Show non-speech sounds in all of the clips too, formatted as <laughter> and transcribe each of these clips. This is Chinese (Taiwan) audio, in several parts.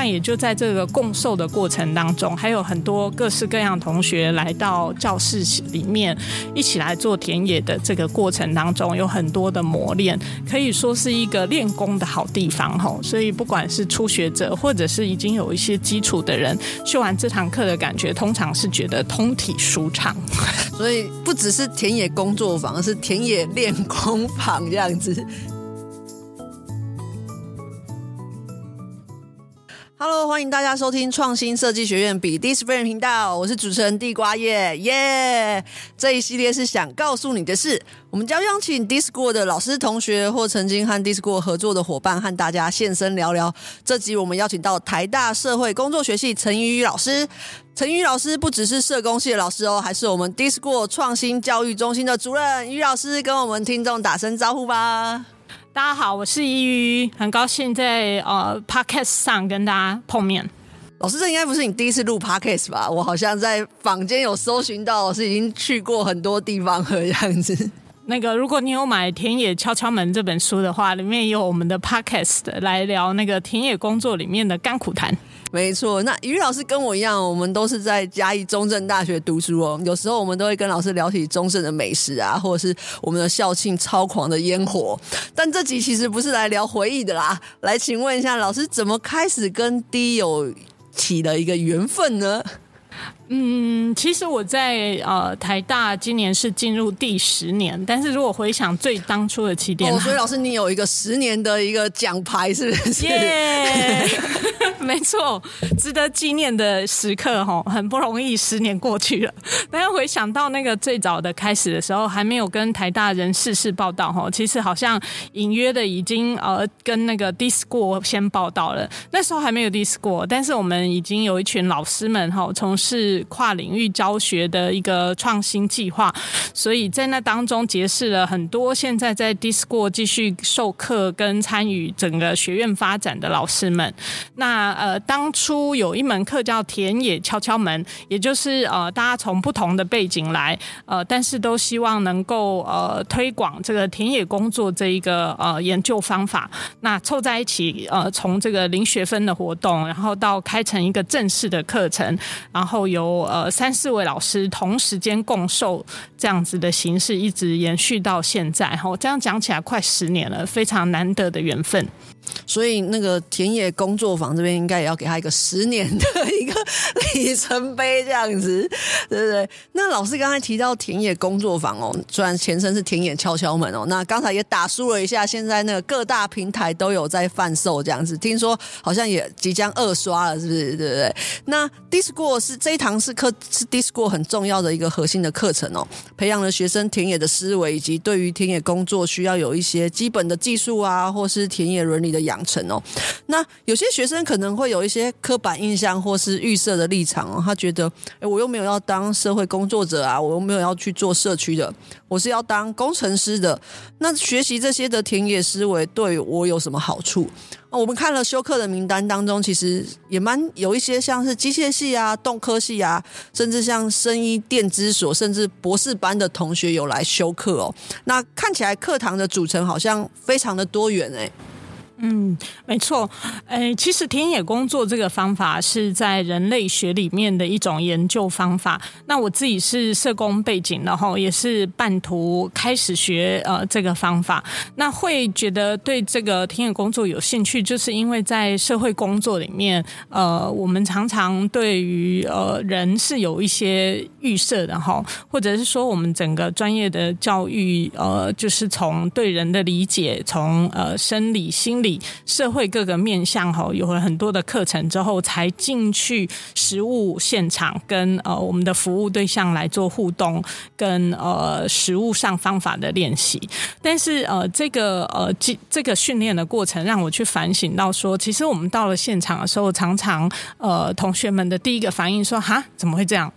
那也就在這個共授的過程當中，還有很多各式各樣同學來到教室裡面，一起來做田野的這個過程當中，有很多的磨練，可以說是一個練功的好地方吼。所以不管是初學者，或者是已經有一些基礎的人，修完這堂課的感覺，通常是覺得通體舒暢。所以不只是田野工作坊，而是田野練功坊這樣子。歡迎大家收聽創新設計學院比 D-School 頻道，我是主持人地瓜葉耶。Yeah! 這一系列是想告訴你的事，我們將邀請 D-School 的老師、同學或曾經和 D-School 合作的伙伴，和大家現身聊聊。這集我們邀請到台大社會工作學系陳怡伃老師。陳怡伃老師不只是社工系的老師哦，還是我們 D-School 創新教育中心的主任。怡伃老師跟我們聽眾打聲招呼吧。大家好，我是怡伃，很高興在呃、uh, podcast 上跟大家碰面。老師，這應該不是你第一次錄 podcast 吧？我好像在坊間有搜尋到，老師已經去過很多地方的樣子。那個，如果你有買《田野敲敲門》這本書的話，裡面有我們的 podcast 來聊那個田野工作裡面的甘苦談。沒錯，那伃老師跟我一樣，我們都是在嘉義中正大學讀書哦。有時候我們都會跟老師聊起中正的美食啊，或者是我們的校慶超狂的煙火。但這集其實不是來聊回憶的啦，來請問一下老師，怎麼開始跟 D 友起了一個緣分呢？嗯，其實我在呃台大今年是進入第十年，但是如果回想最當初的起點，我覺得老師你有一個十年的一個獎牌，是不是？耶、yeah! <laughs> 沒錯，值得紀念的時刻哈，很不容易，十年過去了，但是回想到那個最早的開始的時候，還沒有跟台大人事室報到哈，其實好像隱約的已經呃跟那個 D-School 先報到了，那時候還沒有 D-School，但是我們已經有一群老師們哈從事。跨領域教學的一個創新計劃，所以在那當中結識了很多現在在 D-School 繼續授課跟參與整個學院發展的老師們。那呃，當初有一門課叫田野敲敲門，也就是呃，大家從不同的背景來，呃，但是都希望能夠呃推廣這個田野工作這一個呃研究方法。那湊在一起呃，從這個零學分的活動，然後到開成一個正式的課程，然後由呃，三四位老師同時間共授這樣子的形式一直延續到現在，這樣講起來快十年了，非常難得的緣分。所以那個田野工作坊這邊應該也要給他一個十年的一個里程碑這樣子，對不對？那老師剛才提到田野工作坊哦，雖然前身是田野敲敲門哦，那剛才也打書了一下，現在那個各大平台都有在販售這樣子，聽說好像也即將二刷了，是不是？對不對？那 D-School 這一堂是課是 D-School 很重要的一個核心的課程哦，培養了學生田野的思維以及對於田野工作需要有一些基本的技術啊，或是田野倫理的。養成哦，那有些學生可能會有一些刻板印象或是預設的立場哦，他覺得，哎，我又沒有要當社會工作者啊，我又沒有要去做社區的，我是要當工程師的。那學習這些的田野思維對我有什麼好處啊？哦，我們看了修課的名單當中，其實也蠻有一些像是機械系啊、動科系啊，甚至像生醫、電資所，甚至博士班的同學有來修課哦。那看起來課堂的組成好像非常的多元欸。嗯，沒錯，誒，其實田野工作這個方法是在人類學裡面的一種研究方法。那我自己是社工背景的，然後也是半途開始學呃這個方法。那會覺得對這個田野工作有興趣，就是因為在社會工作裡面，呃，我們常常對於呃人是有一些預設的哈，或者是說我們整個專業的教育，呃，就是從對人的理解，從呃生理心理。社會各個面向吼，有了很多的課程之後，才進去實物現場跟呃我們的服務對象來做互動，跟呃實物上方法的練習。但是呃這個呃這這個訓練的過程，讓我去反省到說，其實我們到了現場的時候，常常呃同學們的第一個反應說：“哈，怎麼會這樣？”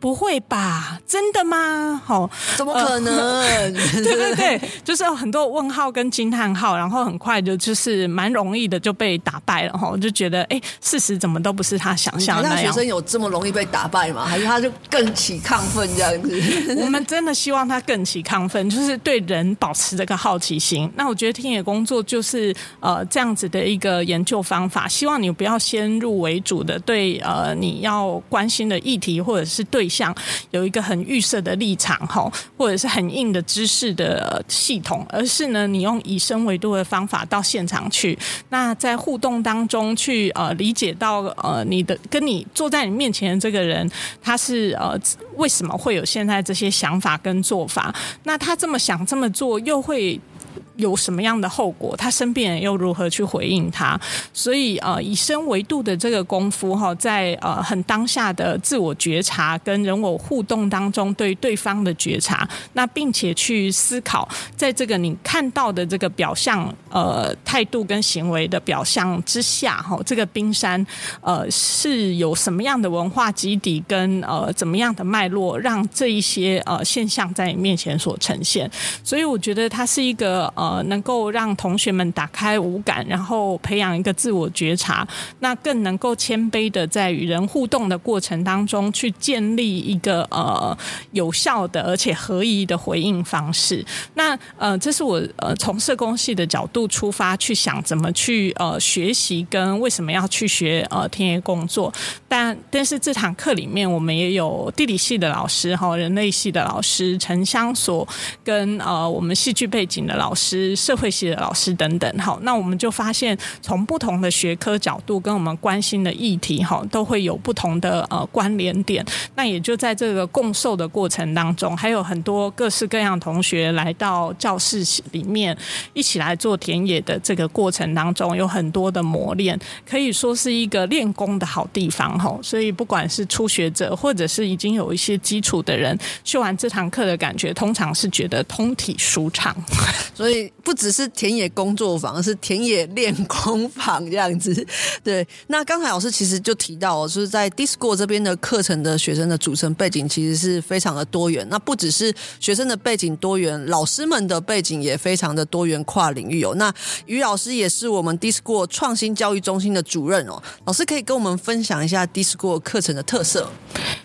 不會吧？真的嗎？哦，怎麼可能、呃？對對對，就是很多問號跟驚嘆號，然後很快就就是蠻容易的就被打敗了哈、哦，就覺得哎，事實怎麼都不是他想象的那、哎那個、學生有這麼容易被打敗嗎？還是他就更起亢奮這樣子？ <laughs> <laughs> 我們真的希望他更起亢奮，就是對人保持這個好奇心。那我覺得田野工作就是呃這樣子的一個研究方法，希望你不要先入為主的對呃你要關心的議題或者是對。像有一個很預設的立場吼，或者是很硬的知識的、呃、系統，而是呢，你用以身為度的方法到現場去，那在互動當中去呃理解到呃你的跟你坐在你面前的這個人，他是呃為什麼會有現在這些想法跟做法？那他這麼想這麼做，又會。有什麼樣的後果？他身邊人又如何去回應他？所以，呃，以身為度的這個功夫，哈、哦，在呃很當下的自我覺察跟人我互動當中，對對方的覺察，那並且去思考，在這個你看到的這個表象，呃，態度跟行為的表象之下，哈、哦，這個冰山，呃，是有什麼樣的文化基底跟呃怎麼樣的脈絡，讓這一些呃現象在你面前所呈現。所以，我覺得它是一個呃。呃，能夠讓同學們打開五感，然後培養一個自我覺察，那更能夠謙卑的在與人互動的過程當中去建立一個呃有效的而且合宜的回應方式。那呃，這是我呃從社工系的角度出發去想怎麼去呃學習跟為什麼要去學呃田野工作。但但是這堂課裡面我們也有地理系的老師哈，人類系的老師，城鄉所跟呃我們戲劇背景的老師。社會系的老師等等，好，那我們就發現從不同的學科角度跟我們關心的議題，哈，都會有不同的呃關聯點。那也就在這個共授的過程當中，還有很多各式各樣同學來到教室裡面一起來做田野的這個過程當中，有很多的磨練，可以說是一個練功的好地方，哈。所以不管是初學者或者是已經有一些基礎的人，修完這堂課的感覺，通常是覺得通體舒暢， <laughs> 所以。不只是田野工作坊，而是田野練功坊這樣子。對，那剛才老師其實就提到，就是在 D-School 這邊的課程的學生的組成背景其實是非常的多元。那不只是學生的背景多元，老師們的背景也非常的多元，跨領域哦。那於老師也是我們 D-School 創新教育中心的主任哦。老師可以跟我們分享一下 D-School 課程的特色。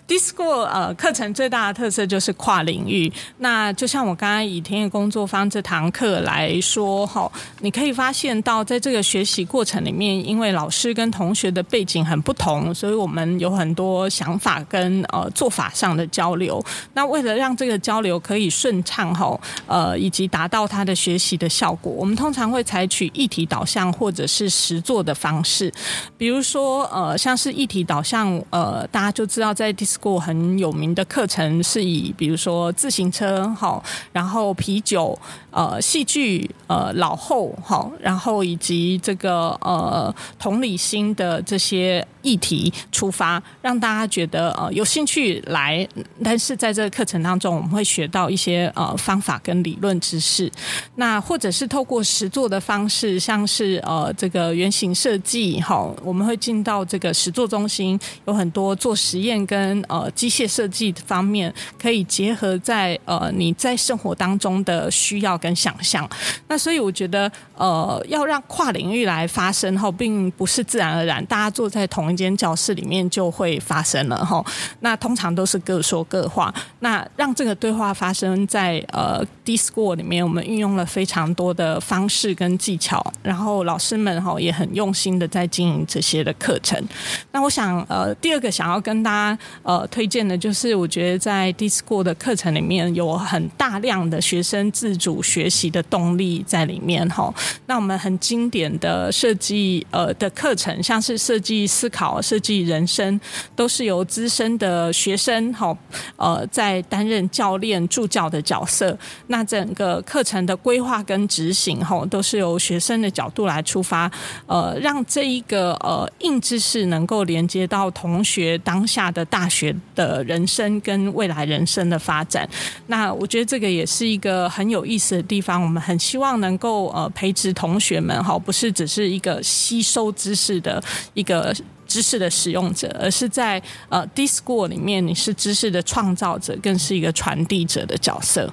D-School 呃，課程最大的特色就是跨領域。那就像我剛剛以田野工作坊這堂課來。來說哈，你可以發現到，在這個學習過程裡面，因為老師跟同學的背景很不同，所以我們有很多想法跟呃做法上的交流。那為了讓這個交流可以順暢哈，呃，以及達到他的學習的效果，我們通常會採取議題導向或者是實作的方式。比如說呃，像是議題導向，呃，大家就知道在 D-School 很有名的課程，是以比如說自行車好，然後啤酒。呃，戲劇呃，老後，哈、哦，然後以及這個呃同理心的這些議題出發，讓大家覺得呃有興趣來。但是在這個課程當中，我們會學到一些呃方法跟理論知識。那或者是透過實作的方式，像是呃這個原型設計哈、哦，我們會進到這個實作中心，有很多做實驗跟呃機械設計的方面可以結合在呃你在生活當中的需要，跟想象，那所以我覺得，呃，要讓跨領域來發生後、哦，並不是自然而然，大家坐在同一間教室裡面就會發生了吼、哦，那通常都是各說各話，那讓這個對話發生在呃 D-School 裡面，我們運用了非常多的方式跟技巧，然後老師們哈、哦、也很用心的在經營這些的課程。那我想，呃，第二個想要跟大家呃推薦的，就是我覺得在 D-School 的課程裡面有很大量的學生自主學。學習的動力在裡面哈。那我們很經典的設計呃的課程，像是設計思考、設計人生，都是由資深的學生哈呃在擔任教練、助教的角色。那整個課程的規劃跟執行哈，都是由學生的角度來出發，呃，讓這一個呃硬知識能夠連接到同學當下的大學的人生跟未來人生的發展。那我覺得這個也是一個很有意思的。地方。我們很希望能夠呃，培植同學們哈、哦，不是只是一個吸收知識的一個知識的使用者，而是在呃 D-School 裡面，你是知識的創造者，更是一個傳遞者的角色。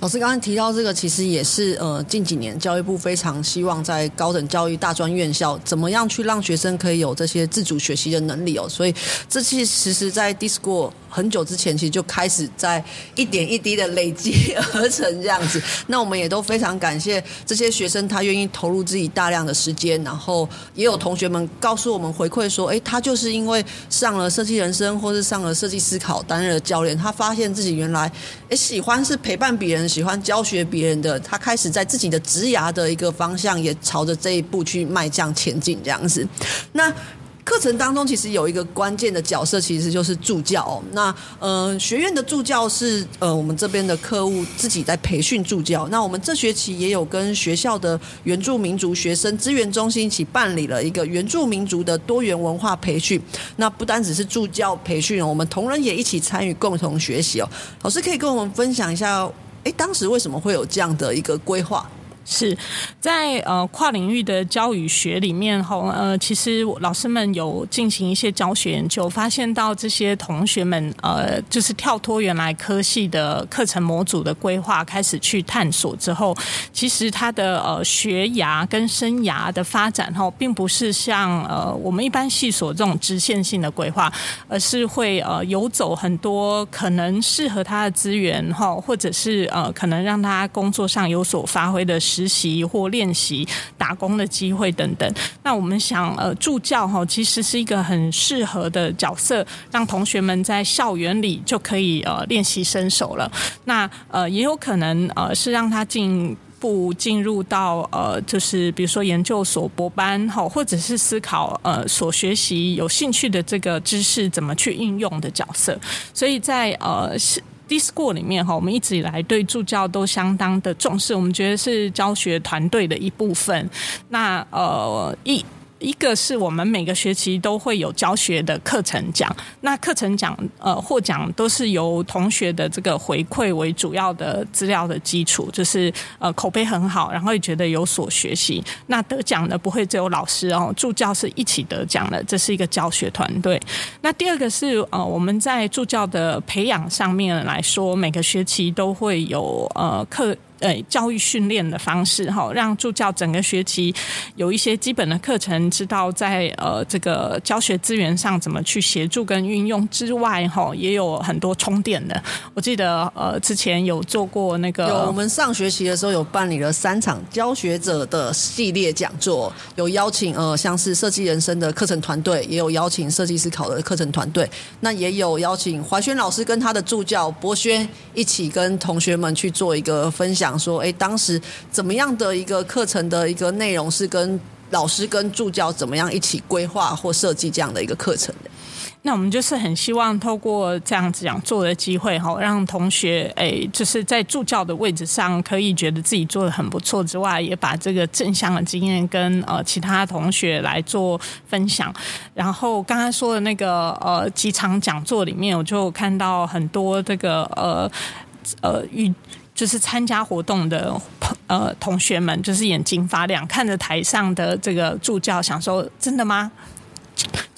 老師剛剛提到這個，其實也是呃，近幾年教育部，非常希望在高等教育、大專院校，怎麼樣去讓學生可以有這些自主學習的能力哦。所以這其實，在 D-School 很久之前，其實就開始在一點一滴的累積而成這樣子。那我們也都非常感謝這些學生，他願意投入自己大量的時間。然後也有同學們告訴我們回饋說，誒、欸，他就是因為上了設計人生，或是上了設計思考，擔任了教練，他發現自己原來誒、欸、喜歡是陪伴比。別人喜歡教學別人的，他開始在自己的職涯的一個方向也朝着這一步去邁向前進這樣子。那課程當中其實有一個關鍵的角色，其實就是助教。那呃，學院的助教是呃，我們這邊的課務自己在培訓助教。那我們這學期也有跟學校的原住民族學生資源中心一起辦理了一個原住民族的多元文化培訓。那不單只是助教培訓，我們同仁也一起參與共同學習哦。老師可以跟我們分享一下。哎，當時為什麼會有這樣的一個規劃？是在呃跨領域的教育學裡面哈呃，其實老師們有進行一些教學研究，發現到這些同學們呃，就是跳脫原來科系的課程模組的規劃，開始去探索之後，其實他的呃學涯跟生涯的發展哈、呃，並不是像呃我們一般系所這種直線性的規劃，而是會呃游走很多可能適合他的資源哈，或者是呃可能讓他工作上有所發揮的。實習或練習、打工的機會等等。那我們想，呃，助教齁其實是一個很適合的角色，讓同學們在校園裡就可以呃練習身手了。那呃，也有可能呃是讓他進一步進入到呃，就是比如說研究所博班齁或者是思考呃所學習有興趣的這個知識怎麼去應用的角色。所以在呃。Discord 裡面哈，我們一直以來對助教都相當的重視，我們覺得是教學團隊的一部分。那呃一。一個是我們每個學期都會有教學的課程獎，那課程獎呃獲獎都是由同學的這個回饋為主要的資料的基礎，就是呃口碑很好，然後也覺得有所學習。那得獎的不會只有老師哦，助教是一起得獎的，這是一個教學團隊。那第二個是呃我們在助教的培養上面來說，每個學期都會有呃課。呃、欸，教育訓練的方式哈，讓助教整個學期有一些基本的課程，知道在呃這個教學資源上怎麼去協助跟運用之外，哈，也有很多充電的。我記得呃之前有做過那個，有我們上學期的時候有辦理了三場教學者的系列講座，有邀請呃像是設計人生的課程團隊，也有邀請設計思考的課程團隊，那也有邀請懷軒老師跟他的助教博軒一起跟同學們去做一個分享。講說，誒、欸，當時怎麼樣的一個課程的一個內容是跟老師跟助教怎麼樣一起規劃或設計這樣的一個課程的？那我們就是很希望透過這樣子講座的機會，哈，讓同學誒、欸，就是在助教的位置上可以覺得自己做得很不錯之外，也把這個正向的經驗跟呃其他同學來做分享。然後剛才說的那個呃幾場講座裡面，我就看到很多這個呃呃遇。就是參加活動的朋，呃，同學們，就是眼睛發亮，看着台上的這個助教，想說真的嗎？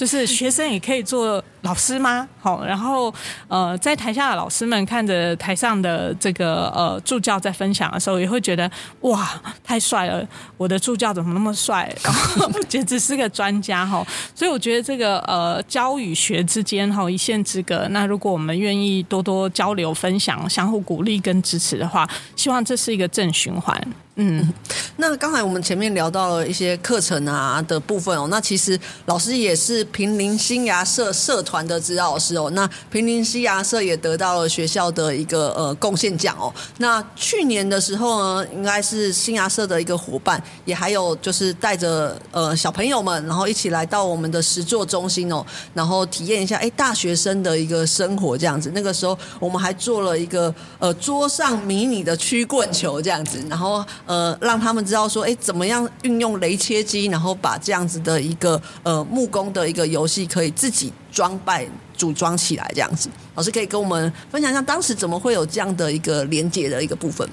就是學生也可以做老師嗎？好，然後呃，在台下的老師們看着台上的這個呃助教在分享的時候，也會覺得哇，太帥了！我的助教怎麼那麼帥？然後簡直是個專家哈！所以我覺得這個呃教與學之間哈一線之隔。那如果我們願意多多交流、分享、相互鼓勵跟支持的話，希望這是一個正循環。嗯，那剛才我們前面聊到了一些課程啊的部分哦，那其實老師也是。平林新芽社社團的指導老師哦，那平林新芽社也得到了學校的一個呃貢獻獎哦。那去年的時候呢，應該是新芽社的一個夥伴，也還有就是帶着呃小朋友們，然後一起來到我們的實作中心哦，然後體驗一下哎、欸、大學生的一個生活這樣子。那個時候我們還做了一個呃桌上迷你的曲棍球這樣子，然後呃讓他們知道說哎、欸、怎麼樣運用雷切機，然後把這樣子的一個呃木工的一個。遊戲可以自己裝扮組裝起來，這樣子，老師可以跟我們分享一下當時怎麼會有這樣的一個連接的一個部分？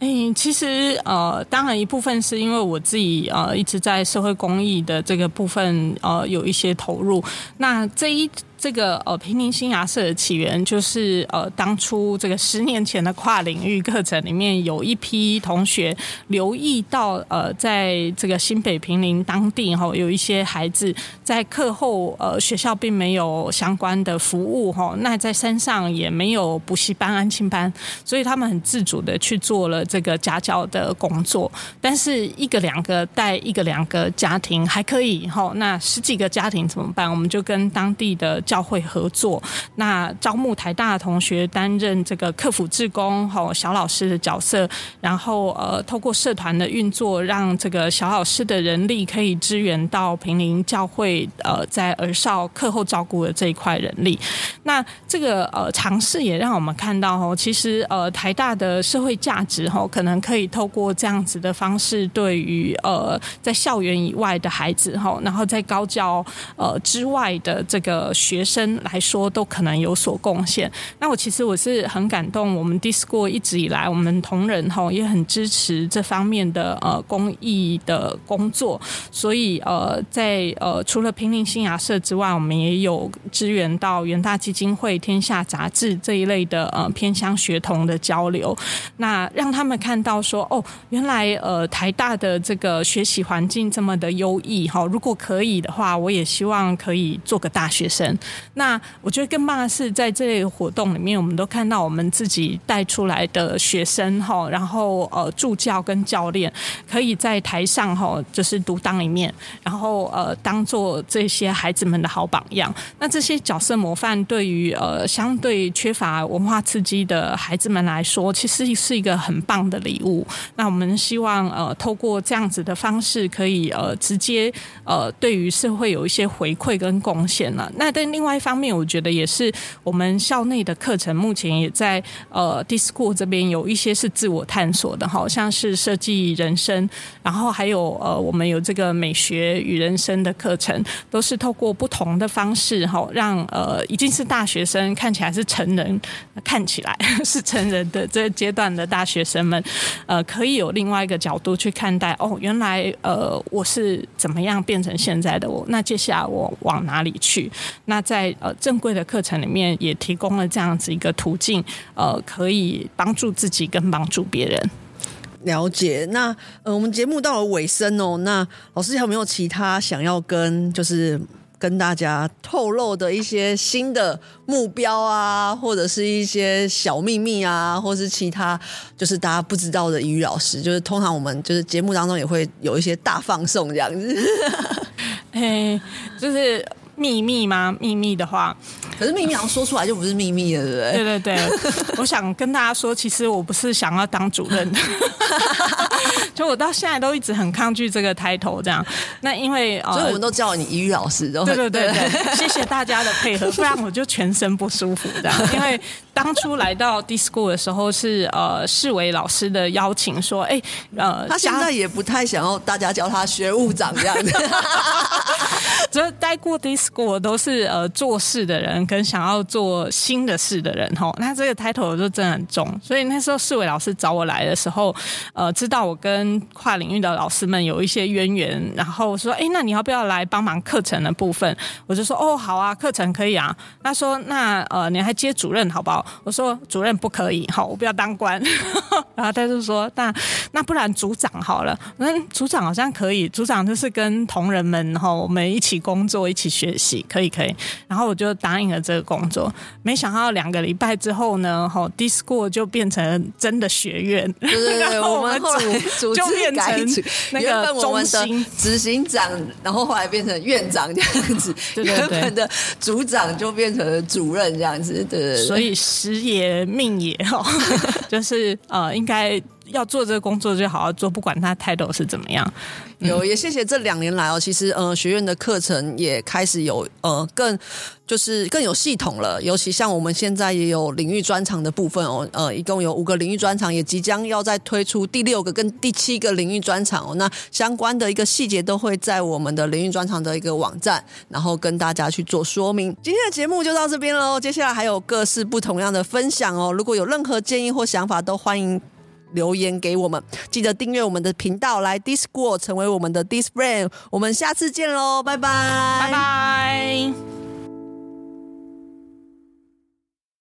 欸。哎，其實呃，當然一部分是因為我自己呃一直在社會公益的這個部分呃有一些投入，那這一。這個呃，平林新芽社的起源就是呃，當初這個十年前的跨領域課程裡面，有一批同學留意到呃，在這個新北平林當地哈、哦，有一些孩子在課後呃，學校並沒有相關的服務哈、哦，那在山上也沒有補習班、安親班，所以他們很自主地去做了這個家教的工作。但是一個兩個帶一個兩個家庭還可以哈、哦，那十幾個家庭怎麼辦？我們就跟當地的教會合作，那招募台大的同學擔任這個客服志工吼小老師的角色，然後呃，透過社團的運作，讓這個小老師的人力可以支援到平林教會呃在兒少課後照顧的這一塊人力。那這個呃嘗試也讓我們看到哦，其實呃台大的社會價值吼，可能可以透過這樣子的方式，對於呃在校園以外的孩子吼，然後在高教呃之外的這個學。學生來說都可能有所貢獻。那我其實我是很感動，我們 D-School 一直以來，我們同仁也很支持這方面的呃公益的工作。所以呃，在呃除了平命新雅社之外，我們也有支援到元大基金會、天下雜誌這一類的呃偏鄉學童的交流。那讓他們看到說哦，原來呃台大的這個學習環境這麼的優異哈。如果可以的話，我也希望可以做個大學生。那我覺得更棒的是，在這類活動裡面，我們都看到我們自己帶出來的學生哈，然後呃助教跟教練可以在台上哈，就是獨當一面，然後呃當做這些孩子們的好榜樣。那這些角色模範對於呃相對缺乏文化刺激的孩子們來說，其實是一個很棒的禮物。那我們希望呃透過這樣子的方式，可以呃直接呃對於社會有一些回饋跟貢獻了、啊。那但另外一方面，我覺得也是我們校內的課程，目前也在呃 D-School 這邊有一些是自我探索的好、哦、像是設計人生，然後還有呃我們有這個美學與人生的課程，都是透過不同的方式哈、哦，讓呃已經是大學生看起來是成人，看起來是成人的這階段的大學生們，呃，可以有另外一個角度去看待哦，原來呃我是怎麼樣變成現在的我，那接下來我往哪裡去？那在呃正規的課程裡面也提供了這樣子一個途徑，呃，可以幫助自己跟幫助別人。了解那呃，我們節目到了尾聲哦，那老師還有沒有其他想要跟就是跟大家透露的一些新的目標啊，或者是一些小祕密啊，或是其他就是大家不知道的怡伃老師，就是通常我們就是節目當中也會有一些大放送這樣子，嘿、 <laughs> 欸，就是。秘密嗎？秘密的話，可是秘密，好像說出來就不是秘密了，對不對？對對，對 <laughs> 我想跟大家說，其實我不是想要當主任， <laughs> 就我到現在都一直很抗拒這個 title 這樣。那因為，所以我們都叫你怡伃、呃、老師，對對對對。 <laughs> 謝謝大家的配合，不然我就全身不舒服這樣，因為。當初來到 D-School 的時候是呃，世偉老師的邀請說，哎、欸，呃，他現在也不太想要大家叫他學務長這樣的。所以待過 D-School 都是呃做事的人跟想要做新的事的人吼，那這個 title 就真的很重。所以那時候世偉老師找我來的時候，呃，知道我跟跨領域的老師們有一些淵源，然後說，哎、欸，那你要不要來幫忙課程的部分？我就說，哦，好啊，課程可以啊。他說，那呃，你還接主任好不好？我說主任不可以哈，我不要當官。 <laughs> 然後他就說，那那不然組長好了，那組長好像可以。組長就是跟同仁們哈、哦，我們一起工作，一起學習，可以可以。然後我就答應了這個工作。沒想到兩個禮拜之後呢，D-School 就變成真的學院，就我，我們後就變成那個中心執行長，然後後來變成院長這樣子，對對對。原本的組長就變成主任這樣子，對對、對，所以。時也，命也，哦， <laughs> 就是呃，應該。要做這個工作就好好做，不管他態度是怎麼樣，嗯有。有也謝謝這兩年來哦，其實呃學院的課程也開始有呃更就是更有系統了，尤其像我們現在也有領域專長的部分哦，呃一共有五個領域專長，也即將要再推出第六個跟第七個領域專長哦。那相關的一個細節都會在我們的領域專長的一個網站，然後跟大家去做說明。今天的節目就到這邊嘍，接下來還有各式不同樣的分享哦。如果有任何建議或想法，都歡迎。留言給我們，記得訂閱我們的頻道，來 D-School 成為我們的 D friend。我們下次見嘍，拜拜，拜拜。